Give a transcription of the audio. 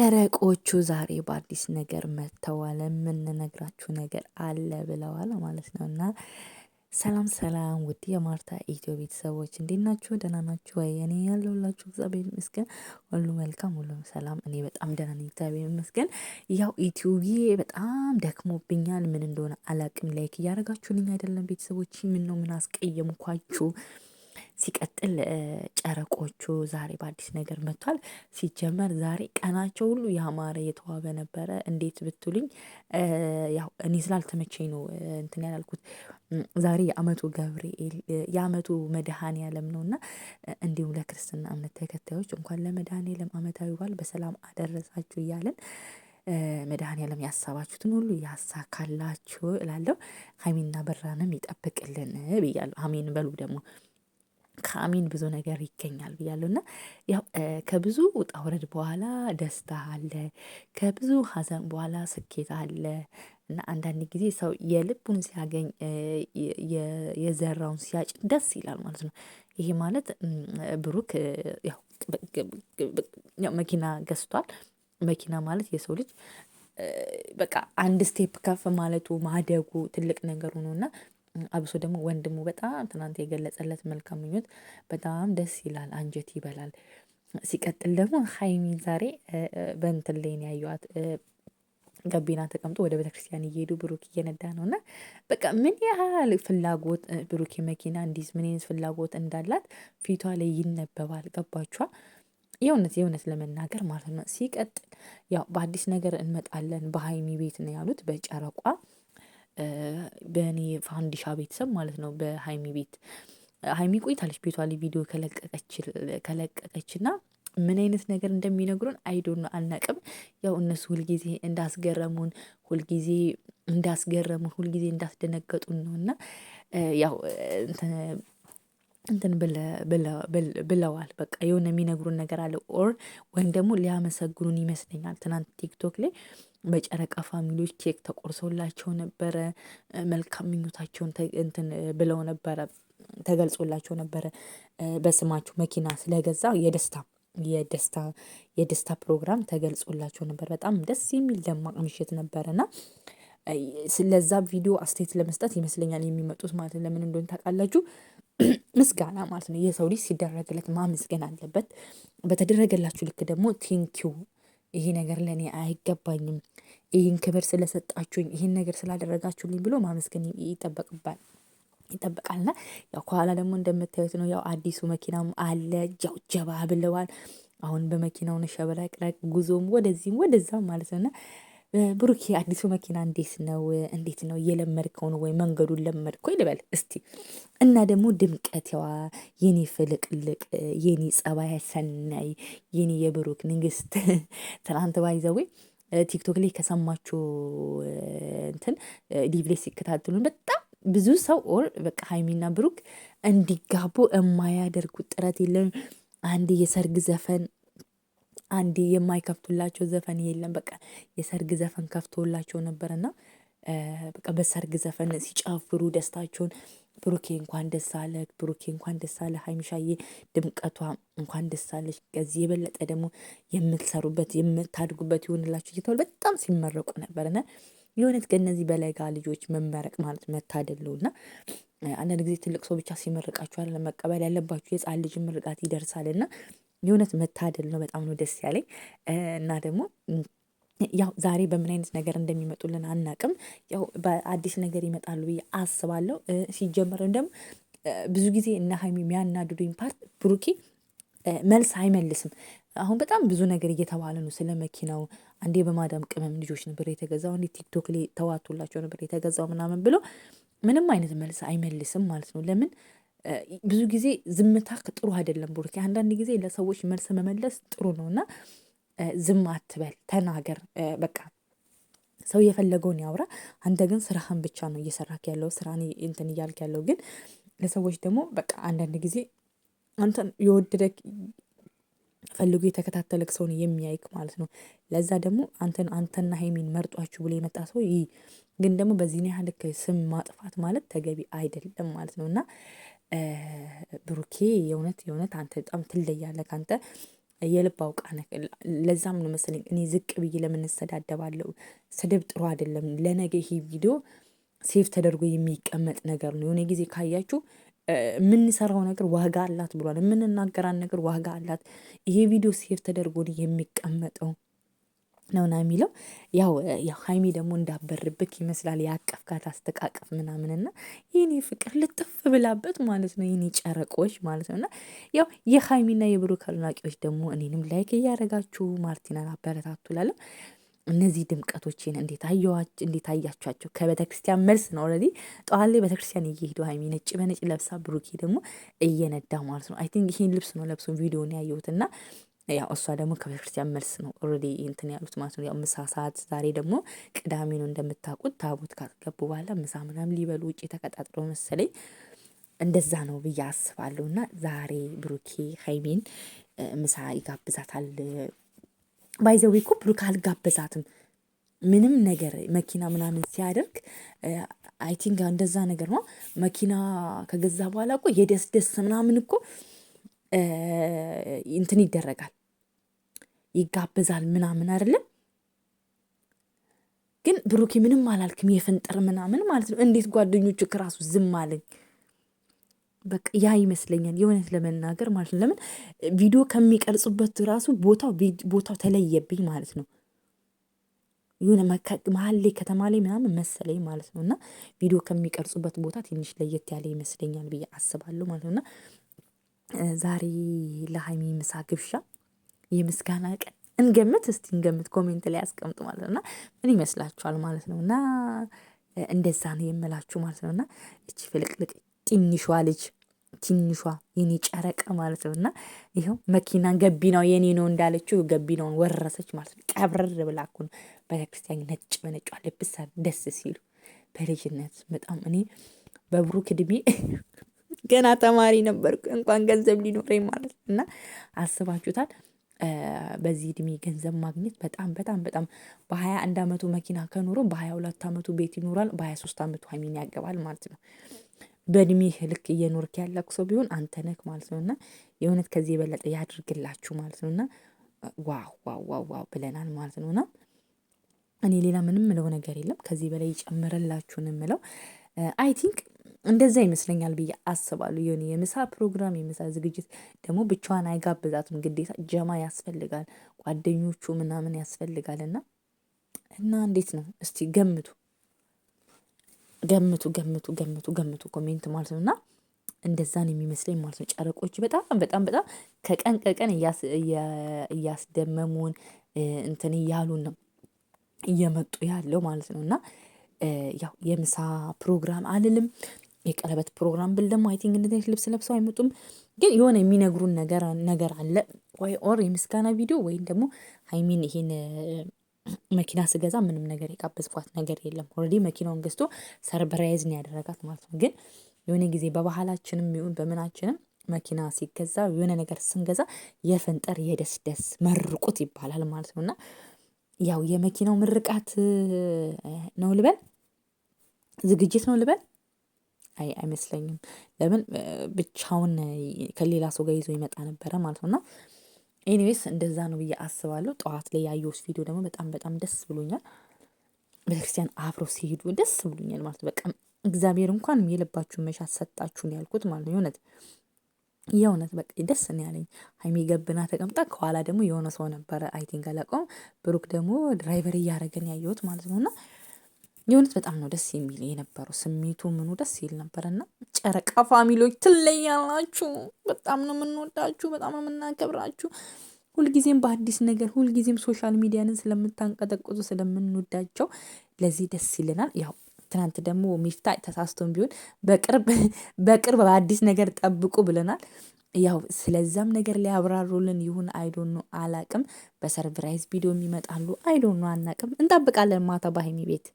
ጨረቆቹ ዛሬ በአዲስ ነገር መጥተዋል። የምንነግራችሁ ነገር አለ ብለዋል ማለት ነው እና ሰላም ሰላም፣ ውድ የማርታ ኢትዮ ቤተሰቦች እንዴት ናችሁ? ደህና ናችሁ ወይ? እኔ ያለሁላችሁ እግዚአብሔር ይመስገን፣ ሁሉ መልካም፣ ሁሉም ሰላም። እኔ በጣም ደህና ነኝ፣ እግዚአብሔር ይመስገን። ያው ኢትዮ በጣም ደክሞብኛል፣ ምን እንደሆነ አላቅም። ላይክ እያደረጋችሁልኝ አይደለም ቤተሰቦች? ምን ነው ምን አስቀየምኳችሁ? ሲቀጥል ጨረቆቹ ዛሬ በአዲስ ነገር መጥቷል። ሲጀመር ዛሬ ቀናቸው ሁሉ ያማረ የተዋበ ነበረ። እንዴት ብትሉኝ ያው እኔ ስላልተመቸኝ ነው እንትን ያላልኩት። ዛሬ የአመቱ ገብርኤል የአመቱ መድኃኒዓለም ነው። እና እንዲሁም ለክርስትና እምነት ተከታዮች እንኳን ለመድኃኒዓለም አመታዊ በዓል በሰላም አደረሳችሁ እያለን እያልን መድኃኒዓለም ያሳባችሁትን ሁሉ ያሳካላችሁ እላለሁ። ሀይሚና በራንም ይጠብቅልን ብያለሁ። አሜን በሉ ደግሞ ከአሚን ብዙ ነገር ይገኛል ብያለሁ እና ያው ከብዙ ውጣ ውረድ በኋላ ደስታ አለ፣ ከብዙ ሀዘን በኋላ ስኬት አለ እና አንዳንድ ጊዜ ሰው የልቡን ሲያገኝ የዘራውን ሲያጭድ ደስ ይላል ማለት ነው። ይሄ ማለት ብሩክ ያው መኪና ገዝቷል። መኪና ማለት የሰው ልጅ በቃ አንድ ስቴፕ ከፍ ማለቱ ማደጉ ትልቅ ነገር ሆኖ እና አብሶ ደግሞ ወንድሙ በጣም ትናንት የገለጸለት መልካም ምኞት በጣም ደስ ይላል፣ አንጀት ይበላል። ሲቀጥል ደግሞ ሀይሚን ዛሬ በእንትን ላይ ነው ጋቢና ተቀምጦ ወደ ቤተክርስቲያን እየሄዱ ብሩክ እየነዳ ነው እና በቃ ምን ያህል ፍላጎት ብሩክ መኪና እንዲዝ ምን አይነት ፍላጎት እንዳላት ፊቷ ላይ ይነበባል። ገባቿ የእውነት የእውነት ለመናገር ማለት ነው። ሲቀጥል ያው በአዲስ ነገር እንመጣለን በሀይሚ ቤት ነው ያሉት በጨረቋ በእኔ ፋንዲሻ ቤተሰብ ማለት ነው በሀይሚ ቤት ሀይሚ ቆይታለች ቤቷ ላይ ቪዲዮ ከለቀቀች ና ምን አይነት ነገር እንደሚነግሩን አይዶን አልናቅም። ያው እነሱ ሁልጊዜ እንዳስገረሙን ሁልጊዜ እንዳስገረሙን ሁልጊዜ እንዳስደነገጡን ነው እና ያው እንትን ብለዋል። በቃ የሆነ የሚነግሩን ነገር አለ ኦር ወይም ደግሞ ሊያመሰግኑን ይመስለኛል። ትናንት ቲክቶክ ላይ በጨረቃ ፋሚሊዎች ኬክ ተቆርሶላቸው ነበረ። መልካም ምኞታቸውን እንትን ብለው ነበረ ተገልጾላቸው ነበረ። በስማቸው መኪና ስለገዛ የደስታ የደስታ የደስታ ፕሮግራም ተገልጾላቸው ነበር። በጣም ደስ የሚል ደማቅ ምሽት ነበር እና ስለዛ ቪዲዮ አስተያየት ለመስጠት ይመስለኛል የሚመጡት ማለት ለምን እንደሆነ ታውቃላችሁ? ምስጋና ማለት ነው። የሰው ልጅ ሲደረግለት ማመስገን አለበት። በተደረገላችሁ ልክ ደግሞ ቴንኪው ይሄ ነገር ለእኔ አይገባኝም፣ ይህን ክብር ስለሰጣችሁኝ፣ ይህን ነገር ስላደረጋችሁልኝ ብሎ ማመስገን ይጠበቅባል ይጠበቃልና ያው ከኋላ ደግሞ እንደምታዩት ነው። ያው አዲሱ መኪናም አለ። ያው ጀባ ብለዋል። አሁን በመኪናውን ሸበረቅረቅ ጉዞም ወደዚህም ወደዛም ማለት ነውና ብሩኬ አዲሱ መኪና እንዴት ነው? እንዴት ነው እየለመድከው ነው ወይ መንገዱን ለመድከው ይልበል እስቲ። እና ደግሞ ድምቀትዋ የኔ ፍልቅልቅ፣ የኔ ጸባያ ሰናይ፣ የኔ የብሩክ ንግስት። ትናንት ባይዘዌ ቲክቶክ ላይ ከሰማችሁ እንትን ዲቪሌ ሲከታተሉን በጣም ብዙ ሰው ኦር በቃ ሀይሚና ብሩክ እንዲጋቡ የማያደርጉት ጥረት የለም። አንድ የሰርግ ዘፈን አንዴ የማይከፍቱላቸው ዘፈን የለም። በቃ የሰርግ ዘፈን ከፍቶላቸው ነበር እና በቃ በሰርግ ዘፈን ሲጨፍሩ ደስታቸውን ብሩኬ እንኳን ደስ አለ፣ ብሩኬ እንኳን ደስ አለ፣ ሀይሚሻዬ ድምቀቷ እንኳን ደስ አለች። ከዚህ የበለጠ ደግሞ የምትሰሩበት የምታድጉበት ይሆንላችሁ እየተባሉ በጣም ሲመረቁ ነበርና የእውነት ከእነዚህ በለጋ ልጆች መመረቅ ማለት መታደለው ነው እና አንዳንድ ጊዜ ትልቅ ሰው ብቻ ሲመርቃችሁ አለ መቀበል ያለባችሁ የጻን ልጅ ምርቃት ይደርሳል እና የእውነት መታደል ነው። በጣም ነው ደስ ያለኝ እና ደግሞ ያው ዛሬ በምን አይነት ነገር እንደሚመጡልን አናቅም። ያው በአዲስ ነገር ይመጣሉ ብዬ አስባለሁ። ሲጀመርን ደግሞ ብዙ ጊዜ እነ ሀይሚ የሚያናድዱኝ ፓርት ብሩኪ መልስ አይመልስም። አሁን በጣም ብዙ ነገር እየተባለ ነው ስለ መኪናው። አንዴ በማዳም ቅመም ልጆች ነበር የተገዛው፣ አንዴ ቲክቶክ ላይ ተዋቶላቸው ነበር የተገዛው ምናምን ብሎ ምንም አይነት መልስ አይመልስም ማለት ነው። ለምን ብዙ ጊዜ ዝምታ ጥሩ አይደለም ብሩኬ። አንዳንድ ጊዜ ለሰዎች መልስ መመለስ ጥሩ ነው እና ዝም አትበል፣ ተናገር። በቃ ሰው የፈለገውን ያውራ። አንተ ግን ስራህን ብቻ ነው እየሰራክ ያለው ስራ እንትን እያልክ ያለው ግን ለሰዎች ደግሞ በቃ አንዳንድ ጊዜ አንተን የወደደ ፈልጎ የተከታተለክ ሰውን የሚያይክ ማለት ነው። ለዛ ደግሞ አንተን አንተና ሀይሚን መርጧችሁ ብሎ የመጣ ሰው ይህ ግን ደግሞ በዚህ ያህል ስም ማጥፋት ማለት ተገቢ አይደለም ማለት ነው እና ብሩኬ የእውነት የእውነት አንተ በጣም ትለያለህ። አንተ የልብ አውቃ ነህ። ለዛም ነው መሰለኝ እኔ ዝቅ ብዬ ለምን እሰዳደባለሁ? ስድብ ጥሩ አይደለም። ለነገ ይሄ ቪዲዮ ሴፍ ተደርጎ የሚቀመጥ ነገር ነው። የሆነ ጊዜ ካያችሁ የምንሰራው ነገር ዋጋ አላት ብሏል። የምንናገራን ነገር ዋጋ አላት። ይሄ ቪዲዮ ሴፍ ተደርጎ የሚቀመጠው ነውና የሚለው ያው ያው ሀይሚ ደግሞ እንዳበርብክ ይመስላል የአቀፍካት አስተቃቀፍ ምናምን እና የኔ ፍቅር ልጥፍ ብላበት ማለት ነው ይህኔ ጨረቆች ማለት ነው። እና ያው የሀይሚና የብሩክ አድናቂዎች ደግሞ እኔንም ላይክ እያደረጋችሁ ማርቲናን አበረታቱ እላለሁ። እነዚህ ድምቀቶችን እንዴት አየዋች እንዴት አያችኋቸው? ከቤተክርስቲያን መልስ ነው። ኦልሬዲ ጠዋት ላይ ቤተክርስቲያን እየሄዱ ሀይሚ ነጭ በነጭ ለብሳ ብሩኬ ደግሞ እየነዳ ማለት ነው። አይ ቲንክ ይሄን ልብስ ነው ለብሶ ቪዲዮን ያየሁትና ያው እሷ ደግሞ ከቤተክርስቲያን መልስ ነው ኦልሬዲ እንትን ያሉት ማለት ነው። ያው ምሳ ሰዓት ዛሬ ደግሞ ቅዳሜ ነው እንደምታውቁት ታቦት ካስገቡ በኋላ ምሳ ምናም ሊበሉ ውጭ ተቀጣጥሮ መሰለኝ እንደዛ ነው ብዬ አስባለሁ። እና ዛሬ ብሩኬ ሀይሚን ምሳ ይጋብዛታል። ባይዘዌ እኮ ብሩክ አልጋበዛትም ምንም ነገር መኪና ምናምን ሲያደርግ አይ ቲንክ እንደዛ ነገር ነው። መኪና ከገዛ በኋላ እኮ የደስ ደስ ምናምን እኮ እንትን ይደረጋል ይጋበዛል ምናምን አይደለም። ግን ብሩኬ ምንም አላልክም፣ የፍንጥር ምናምን ማለት ነው። እንዴት ጓደኞቹ ክራሱ ዝም አለኝ። በቃ ያ ይመስለኛል የእውነት ለመናገር ማለት ነው። ለምን ቪዲዮ ከሚቀርጹበት ራሱ ቦታው ቦታው ተለየብኝ ማለት ነው። የሆነ መሀል ላይ ከተማ ላይ ምናምን መሰለኝ ማለት ነው። እና ቪዲዮ ከሚቀርጹበት ቦታ ትንሽ ለየት ያለ ይመስለኛል ብዬ አስባለሁ ማለት ነው። እና ዛሬ ለሀይሚ ምሳ ግብሻ። የምስጋና ቀን እንገምት እስቲ እንገምት፣ ኮሜንት ላይ ያስቀምጡ ማለት ነው እና ምን ይመስላችኋል ማለት ነው እና እንደዛ ነው የምላችሁ ማለት ነው እና እቺ ፍልቅልቅ ትንሿ ልጅ ትንሿ የኔ ጨረቀ ማለት ነው እና ይኸው መኪና ነው የኔ ነው እንዳለችው ነውን ወረሰች ማለት ነው። ቀብረር ብላ እኮ ነው ቤተክርስቲያን ነጭ በነጯ ልብሳ ደስ ሲሉ በልጅነት በጣም እኔ በብሩክ እድሜ ገና ተማሪ ነበርኩ እንኳን ገንዘብ ሊኖረኝ ማለት እና አስባችሁታል። በዚህ እድሜ ገንዘብ ማግኘት በጣም በጣም በጣም በሃያ አንድ አመቱ መኪና ከኖሮ በሀያ ሁለት አመቱ ቤት ይኖራል በሀያ ሶስት አመቱ ሀይሚን ያገባል ማለት ነው። በእድሜህ ልክ እየኖርክ ያለክ ሰው ቢሆን አንተ ነህ ማለት ነው። እና የእውነት ከዚህ የበለጠ ያድርግላችሁ ማለት ነው። እና ዋው ዋው ዋው ዋው ብለናል ማለት ነው። እና እኔ ሌላ ምንም ምለው ነገር የለም ከዚህ በላይ ይጨምረላችሁን የምለው አይ ቲንክ እንደዛ ይመስለኛል ብዬ አስባሉ የሆነ የምሳ ፕሮግራም የምሳ ዝግጅት ደግሞ ብቻዋን አይጋብዛትም ግዴታ ጀማ ያስፈልጋል ጓደኞቹ ምናምን ያስፈልጋል። እና እና እንዴት ነው እስቲ ገምቱ ገምቱ ገምቱ ገምቱ ገምቱ ኮሜንት ማለት ነው። እና እንደዛ የሚመስለኝ ማለት ነው። ጨረቆች በጣም በጣም በጣም ከቀን ከቀን እያስደመሙን እንትን እያሉን ነው እየመጡ ያለው ማለት ነው። እና ያው የምሳ ፕሮግራም አልልም የቀለበት ፕሮግራም ብል ደግሞ አይቲንግ እንደዚህ ልብስ ለብሰው አይመጡም። ግን የሆነ የሚነግሩን ነገር ነገር አለ ወይ ኦር የምስጋና ቪዲዮ ወይም ደግሞ ሀይሚን ይሄን መኪና ስገዛ ምንም ነገር የጋበዝኳት ነገር የለም። ኦልሬዲ መኪናውን ገዝቶ ሰርፕራይዝ ነው ያደረጋት ማለት ነው። ግን የሆነ ጊዜ በባህላችንም ይሁን በምናችንም መኪና ሲገዛ የሆነ ነገር ስንገዛ የፈንጠር የደስደስ መርቁት ይባላል ማለት ነው እና ያው የመኪናው ምርቃት ነው ልበል ዝግጅት ነው ልበል አይ አይመስለኝም። ለምን ብቻውን ከሌላ ሰው ጋር ይዞ ይመጣ ነበረ ማለት ነው። እና ኤኒዌይስ እንደዛ ነው ብዬ አስባለሁ። ጠዋት ላይ ያየሁት ቪዲዮ ደግሞ በጣም በጣም ደስ ብሎኛል። ቤተክርስቲያን አብረው ሲሄዱ ደስ ብሎኛል ማለት በቃ እግዚአብሔር እንኳን የልባችሁን መሻት ሰጣችሁን ያልኩት ማለት ነው። የእውነት የእውነት በቃ ደስ ነው ያለኝ። ሀይሚ ገብና ተቀምጣ ከኋላ ደግሞ የሆነ ሰው ነበረ አይቲንግ ቲንክ አላውቀውም። ብሩክ ደግሞ ድራይቨር እያደረገን ያየሁት ማለት ነው እና የእውነት በጣም ነው ደስ የሚል የነበረው ስሜቱ ምኑ ደስ ይል ነበር። እና ጨረቃ ፋሚሊዎች ትለያላችሁ። በጣም ነው የምንወዳችሁ፣ በጣም ነው የምናከብራችሁ። ሁልጊዜም በአዲስ ነገር ሁልጊዜም ሶሻል ሚዲያንን ስለምታንቀጠቅጡ ስለምንወዳቸው ለዚህ ደስ ይለናል። ያው ትናንት ደግሞ ሚፍታ ተሳስቶን ቢሆን በቅርብ በቅርብ በአዲስ ነገር ጠብቁ ብለናል። ያው ስለዛም ነገር ሊያብራሩልን ይሁን አይዶኖ አላቅም። በሰርፕራይዝ ቪዲዮ ይመጣሉ አይዶኖ አናቅም። እንጠብቃለን ማታ በሀይሚ ቤት